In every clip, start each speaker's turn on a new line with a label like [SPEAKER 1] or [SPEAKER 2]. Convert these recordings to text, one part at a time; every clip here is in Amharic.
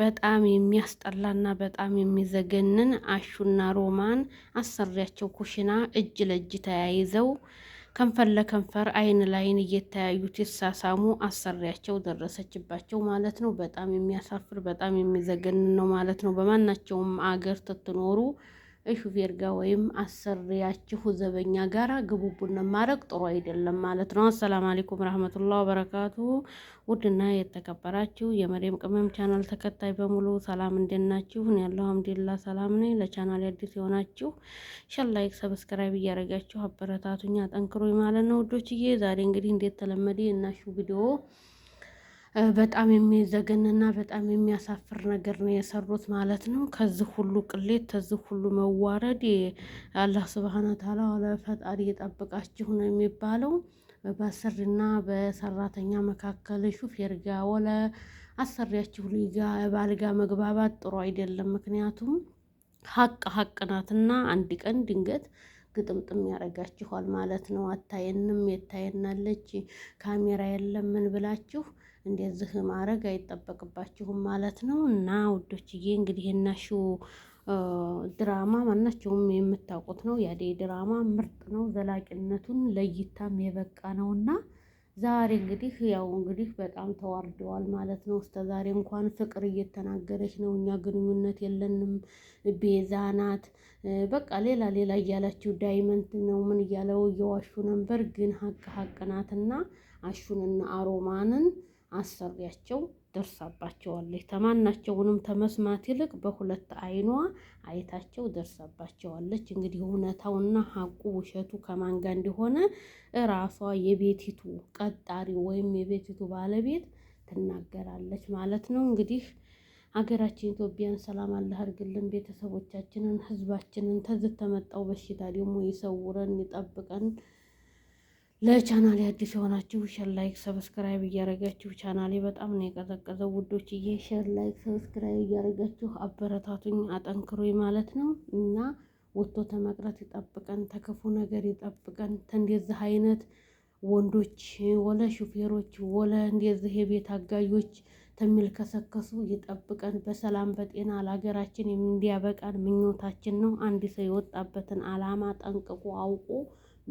[SPEAKER 1] በጣም የሚያስጠላና በጣም የሚዘገንን አሹና ሮማን አሰሪያቸው ኩሽና እጅ ለእጅ ተያይዘው ከንፈር ለከንፈር አይን ላይን እየተያዩት የተሳሳሙ አሰሪያቸው ደረሰችባቸው ማለት ነው። በጣም የሚያሳፍር በጣም የሚዘገንን ነው ማለት ነው። በማናቸውም አገር ትትኖሩ ሹፌር ጋር ወይም አሰሪያችሁ ዘበኛ ጋራ ቡና ማድረግ ጥሩ አይደለም ማለት ነው። አሰላም አለይኩም ረህመቱላህ ወበረካቱ። ውድና የተከበራችሁ የመሪም ቅመም ቻናል ተከታይ በሙሉ ሰላም እንደናችሁ? ናችሁ? እኔ ያለው አምዲላ ሰላም ነኝ። ለቻናል አዲስ የሆናችሁ ሸር፣ ላይክ፣ ሰብስክራይብ እያደረጋችሁ አበረታቱኝ አጠንክሮኝ ማለት ነው ውዶችዬ። ዛሬ እንግዲህ እንደተለመደ የናሹ ቪዲዮ በጣም የሚዘገንና በጣም የሚያሳፍር ነገር ነው የሰሩት ማለት ነው። ከዚህ ሁሉ ቅሌት፣ ከዚህ ሁሉ መዋረድ አላህ ስብሃነ ተዓላ ለፈጣሪ የጠብቃችሁ ነው የሚባለው። በአሰሪና በሰራተኛ መካከል ሹፌር ጋ ወለ አሰሪያችሁ ልጋ ባልጋ መግባባት ጥሩ አይደለም። ምክንያቱም ሀቅ ሀቅ ናትና አንድ ቀን ድንገት ግጥምጥም ያደርጋችኋል ማለት ነው። አታየንም የታየናለች ካሜራ የለም ምን ብላችሁ እንደዚህ ማድረግ አይጠበቅባችሁም ማለት ነው። እና ውዶችዬ እንግዲህ እናሹ ድራማ ማናቸውም የምታውቁት ነው። ያዴ ድራማ ምርጥ ነው፣ ዘላቂነቱን ለእይታም የበቃ ነውና ዛሬ እንግዲህ ያው እንግዲህ በጣም ተዋርደዋል ማለት ነው። እስከ ዛሬ እንኳን ፍቅር እየተናገረች ነው እኛ ግንኙነት የለንም ቤዛ ናት በቃ ሌላ ሌላ እያላችሁ ዳይመንድ ነው ምን እያለው እየዋሹ ነበር። ግን ሀቅ ሀቅ ናትና አሹንና አሮማንን አሰሪያቸው ደርሳባቸዋለች። ተማናቸውንም ተመስማት ይልቅ በሁለት አይኗ አይታቸው ደርሳባቸዋለች። እንግዲህ እውነታውና ሀቁ ውሸቱ ከማን ጋር እንደሆነ እራሷ የቤቲቱ ቀጣሪ ወይም የቤቲቱ ባለቤት ትናገራለች ማለት ነው። እንግዲህ ሀገራችን ኢትዮጵያን ሰላም አላህ አድርግልን፣ ቤተሰቦቻችንን፣ ህዝባችንን ተዝተመጣው በሽታ ደግሞ ይሰውረን፣ ይጠብቀን። ለቻናል አዲስ የሆናችሁ ሸር ላይክ ሰብስክራይብ እያደረጋችሁ ቻናሌ በጣም ነው የቀዘቀዘው ውዶች እዬ ሸር ላይክ ሰብስክራይብ እያደረጋችሁ አበረታቱኝ አጠንክሮኝ ማለት ነው እና ወጥቶ ተመቅረት ይጠብቀን ተክፉ ነገር ይጠብቀን እንደዚህ አይነት ወንዶች ወለ ሹፌሮች ወለ እንደዚህ የቤት አጋዮች ተሚልከሰከሱ ይጠብቀን በሰላም በጤና ለሀገራችን እንዲያበቃን ምኞታችን ነው። አንድ ሰው የወጣበትን አላማ ጠንቅቆ አውቆ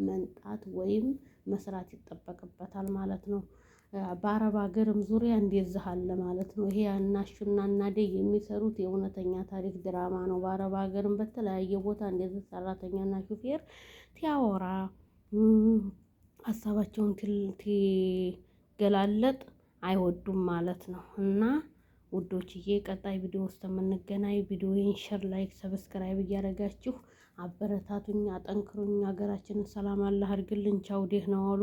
[SPEAKER 1] መንጣት ወይም መስራት ይጠበቅበታል ማለት ነው። በአረብ ሀገርም ዙሪያ እንደዚህ አለ ማለት ነው። ይሄ አናሹና አናደይ የሚሰሩት የእውነተኛ ታሪክ ድራማ ነው። በአረብ ሀገርም በተለያየ ቦታ እንደዚህ ሰራተኛና ሹፌር ቲያወራ ሀሳባቸውን ትገላለጥ አይወዱም ማለት ነው እና ውዶችዬ ቀጣይ ቪዲዮ ውስጥ የምንገናኝ። ቪዲዮን ሸር፣ ላይክ፣ ሰብስክራይብ እያደረጋችሁ አበረታቱኝ፣ አጠንክሩኝ። ሀገራችንን ሰላም አላህ አድርግልን። ቻው፣ ደህና ዋሉ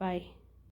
[SPEAKER 1] ባይ